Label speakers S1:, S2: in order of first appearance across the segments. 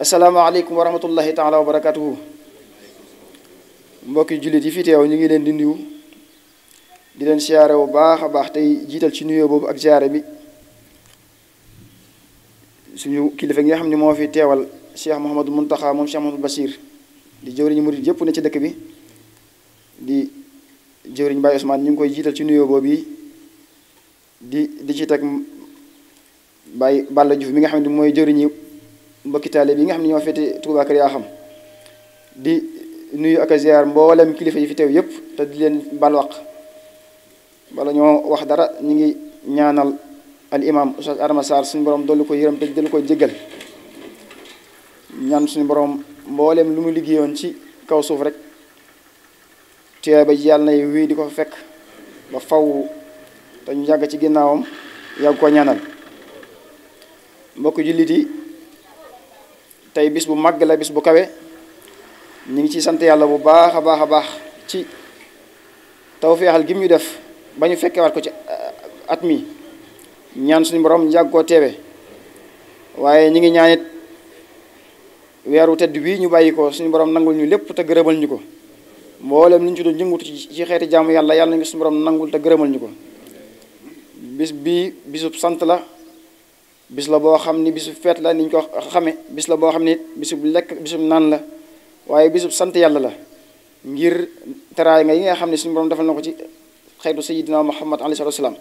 S1: asalaamaaleykum wa rahmatullahi taala wa barakatuhu mbokki jullit yi fi teew ñu ngi leen di nuyu di leen siyaare bu baax a baax tey jiital ci nuyoo boobu ak siyaare bi suñu kilifa gi nga xam ne moo fi teewal cheikh Mouhamadou Mountakha moom cheikh Mouhamadou Bachir di jëwriñu murid yëpp ne ci dëkk bi di jëwriñ Baye Ousmane ñu ngi koy jiital ci nuyoo boobu yi di di ci teg Baye Balla Diouf mi nga xam ne mooy jëwriñu. mbokki taale bi nga xam ne ñoo féete Touba Kër Yakham di nuyu ak a ziar mboolem kilifa yi fi teew yëpp te di leen bal wax bala ñoo wax dara ñu ngi ñaanal al imam Oustaz Adama Sarr suñu borom dolli ko yërëm te dal ko jéggal ñaan suñu borom mboolem lu mu liggéeyoon ci kaw suuf rek tee ba yàlla na wii di ko fekk ba faw te ñu yàgg ci ginnaawam yàgg ko ñaanal mbokk jullit yi tay bis bu mag la bis bu kawé ñi ngi ci sant yalla bu baaxa baaxa baax ci tawfiixal gim mu def bañu ñu fekkewaat ko ci uh, at mi ñaan suñu borom ñu yàgg koo ñi ngi ñaané wéru tedd wi ñu bayiko ko suñu borom nangul ñu lepp te gëreemal ñuko mbolam mboolem ñu ci doon yëngutu ci xéeti jaamu yalla yalla ngi suñu borom nangul te gëreemal ñuko bis bi bisub sant la bis la boo xam ni bisu feet la ni ñu ko xame bis la boo xam ni bisu lekk bisu naan la waaye bisu sant yàlla la ngir teraay nga yi nga xam ne suñu borom defal na ko ci xeetu sayyidina Muhammad alayhi salaatu wa salaam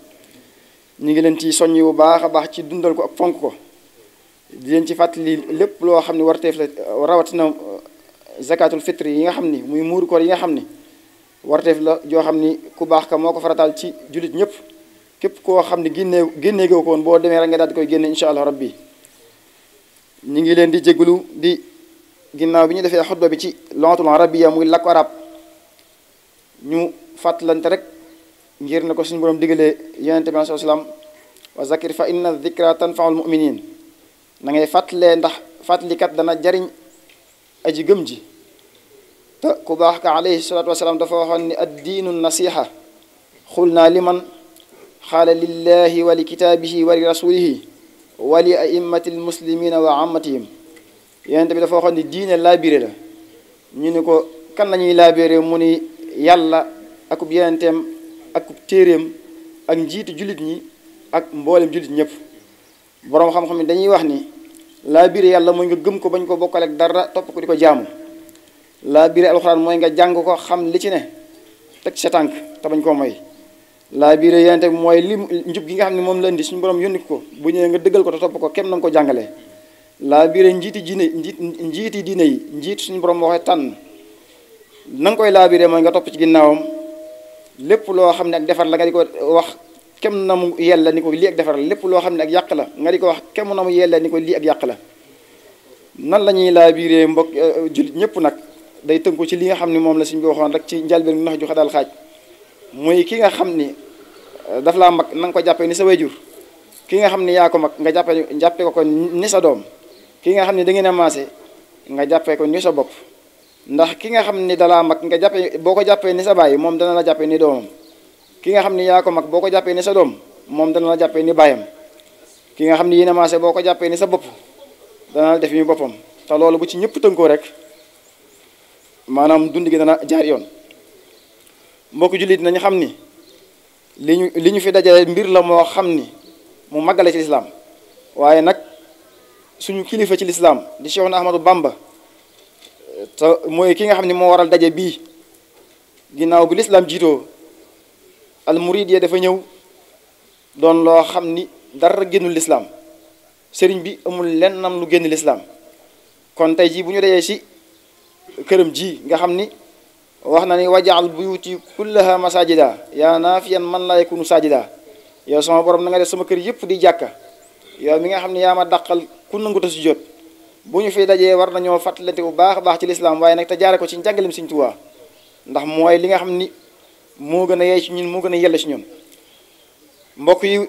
S1: ñu ngi leen ci soññ bu baax a baax ci dundal ko ak fonk ko di leen ci fàttali lépp loo xam ne warteef la rawatina uh, zakatul fitri yi nga xam ni muy muur koor yi nga xam ni warteef la joo xam ni ku baax ka moo ko farataal ci jullit ñëpp képp koo xam ne génne génne goo boo demee rek nga daal di koy génne incha allah rabbi ñu ngi leen di jégalu di ginnaaw bi ñu defee xutba bi ci longatul arabiya muy làkku arab ñu fàttalante rek ngir ne ko suñu borom digalee yonente bi alayhi salaam wa zakir fa inna dikra tanfaul muminin na ngay fàttalee ndax fàttalikat dana jariñ aji gëm ji te ku baax ka alayhi salaatu wasalaam dafa waxoon ni ak diinu nasiha xul naa liman xaala lillahi wa li kitaabihi wa li rasulihi wa li a'immati lmuslimina wa ammatihim yonente bi dafa waxoon ni diine laabiré la ñu ni ko kan la ñuy laabiré mu ni yàlla akub yonenteem akub téeréem ak njiitu jullit ñi ak mboolem jullit ñëpp boroom xam-xam yi dañuy wax ni laabiré yàlla mooy nga gëm ko bañ ko bokkale dara topp ko di ko jaamu laabiré alxuraan mooy nga jàng ko xam li ci ne teg sa tànk te bañ koo moy laa biire yonente bi mooy li njub gi nga kan, xamni mom la indi suñu borom yónni ko bu ñe nga deggal ko te topp ko kem nang ko jàngale laa biire njiiti diine njiit njiiti diine yi suñu borom waxe tan nang koy laa biire moy nga top ci ginnawam lepp lo xamni ak defar la nga diko wax kem namu yella niko li ak defar la lo xamni ak yak la nga diko wax kem namu yella niko li ak yak la nan la ñuy laa biiree mbokk eh, jullit day teunku ci li nga xamni mom la suñu bi rek ci njalbe bi ju xadal xaj muy ki nga xam ni eh, daf laa mag na nga ko jàppee ni sa wayjur kii nga xam ni yaa ko mag nga jàppee jàppee ko ko ni sa doom ki nga xam ni da ngeen a nga jàppee ko ni sa bopp ndax ki nga xam ni dalaa mag nga jàppee boo ko jàppee ni sa baay moom dana la jàppee ni doomam ki nga xam ni yaa ko mag boo ko jàppee ni sa doom moom dana la jàppee ni baayam ki nga xam ni yéen a maase boo ko jàppee ni sa bopp dana la def ni boppam te loolu bu ci ñëpp tënkoo rek maanaam dund gi dana jaar yoon mbokk jullit nañu xam ni li ñu li ñu fi dajale mbir la moo xam ni mu màggale ci lislaam waaye nag suñu kilifa ci lislaam di Cheikhuna Ahmadou Bamba te mooy ki nga xam ni moo waral daje bii ginnaaw bi lislaam jiitoo al murid ya dafa ñëw doon loo xam ni dara génnul lislaam sëriñ bi amul lenn lennam lu génn lislaam kon tey jii bu ñu dajee ci këram ji nga xam ni waxna ni wajaal buyuti kullaha masajida ya nafiyan man la yakunu sajida ya sama borom na nga def sama kër yëpp di jakka ya mi nga xamni ya ma dakal ku nangu ta su jot buñu fi dajé war nañu bu baax baax ci l'islam waye nak ta jaar ko ci jangalim seigne touba ndax moy li nga xamni ni gëna yé ci ñun mo gëna a ci ñun mbokk yi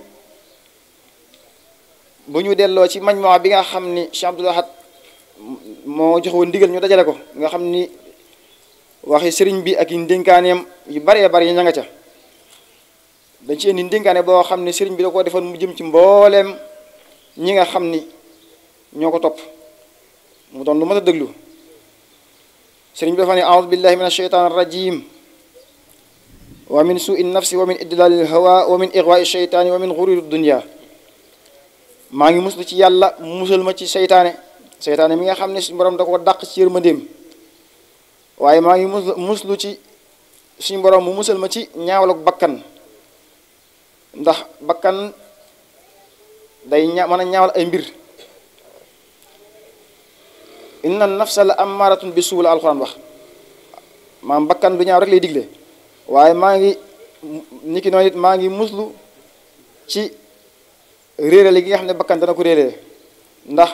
S1: buñu ñu ci majmaa bi nga xamni Cheikh Abdoul Ahad moo ñu dajale ko nga xamni waxi sëriñ bi ak yi ndénkaaneem yu baree bari yi ña ca dañ ci indi ndénkaane boo xam ne sëriñ bi da koo defoon mu jëm ci mbooleem ñi nga xam ni ñoo ko topp mu doon lu mat a déglu sëriñ bi dafa ne aoudu billahi min asheytaan rajim wa min suui nafsi wa min idlalil hawa wa min ixwaai sheytaani wa min xururi dunia maa ngi muslu ci yàlla musal ma ci seytaane seytaane mi nga xam ne suñu borom da koo dàq ci yërmandeem waaye maa ngi mus muslu ci suñu borom mu musal ma ci ñaawal bakkan ndax bakkan day ña mën a ñaawal ay mbir inna nafsa la amaaratun bi suu la alxuraan wax maam bakkan du ñaaw rek lay digle waaye maa ngi niki noonu maa ngi muslu ci réerale gi nga xam ne bakkan dana ko réerale ndax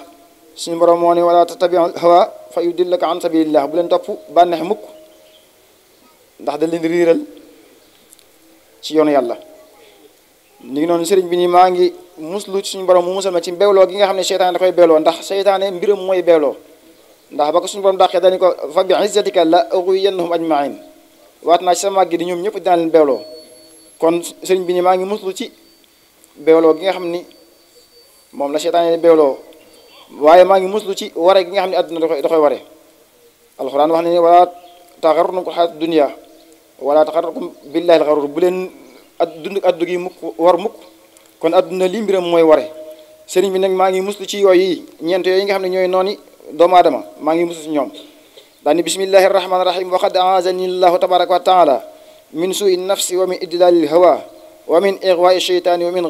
S1: suñu borom moo ne wala tattabi hawa fa yudillaka an sabilillah bu leen topp bànneex mukk ndax da leen riiral ci yoonu yàlla ñu ngi noonu sëriñ bi nii maa ngi muslu ci suñu borom mu musal ma ci beewloo gi nga xam ne seytaane da koy beewloo ndax seytaane mbiram mooy beewloo ndax ba suñu borom dàqee dañu ko fa bi izzatika la ughwiyannahum ajma'in waat naa sa màgg di ñoom ñëpp dinaa leen kon sëriñ bi nii maa ngi muslu ci beewloo gi nga xam ni moom la seytaane beewloo waaye maa ngi muslu ci ware gi nga xam ne àdduna da koy da koy ware alxuraan wax na ne wala taxarrukum xayaat dunya wala taxarrukum billahi alxarur bu leen ad dund addu gi mukk war mukk kon àdduna li mbiram mooy ware sëriñ bi nag maa ngi muslu ci yooyu ñeent yooyu nga xam ne ñooy nooni doomu aadama maa ngi muslu ci ñoom daani bismillahi rahmaani rahim wa qad aazani llahu tabaraka wa taala min suui nafsi wa min idlalil hawa wa min ixwaai sheytaani wa min